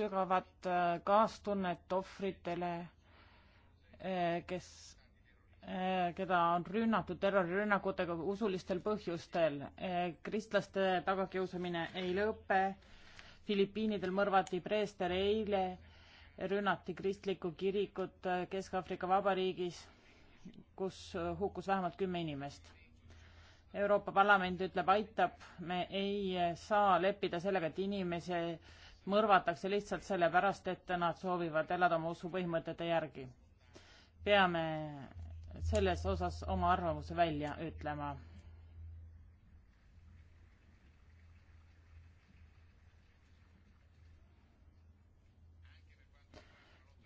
sügavat äh, kaastunnet ohvritele, äh, kes, äh, keda on rünnatud terrorirünnakutega usulistel põhjustel. kristlaste tagakiusamine ei lõpe. Filipiinidel mõrvati preester eile, rünnati kristlikku kirikut Kesk-Aafrika Vabariigis, kus hukkus vähemalt kümme inimest Euroopa Parlament ütleb, aitab, me ei saa leppida sellega, et inimese mõrvatakse lihtsalt sellepärast, et nad soovivad elada oma usupõhimõtete järgi. peame selles osas oma arvamuse välja ütlema.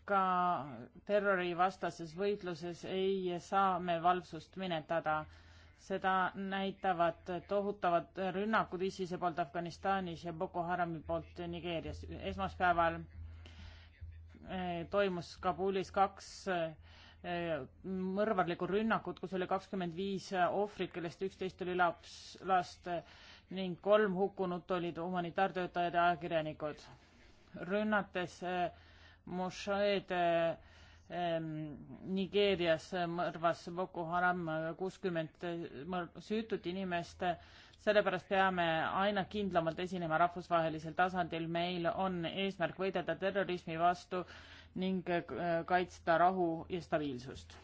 ka terrorivastases võitluses ei saa me valvsust minetada seda näitavad tohutavad rünnakud ISISe poolt Afganistanis ja Boko Harami poolt Nigeerias. esmaspäeval eh, toimus Kabulis kaks eh, mõrvarlikku rünnakut, kus oli kakskümmend viis ohvrit, kellest üksteist oli laps, last ning kolm hukkunut olid humanitaartöötajad ja ajakirjanikud. rünnates eh, mošeed äh, Ehm, Nigeerias mõrvas Boko Haram kuuskümmend süütut inimest, sellepärast peame aina kindlamalt esinema rahvusvahelisel tasandil, meil on eesmärk võidelda terrorismi vastu ning eh, kaitsta rahu ja stabiilsust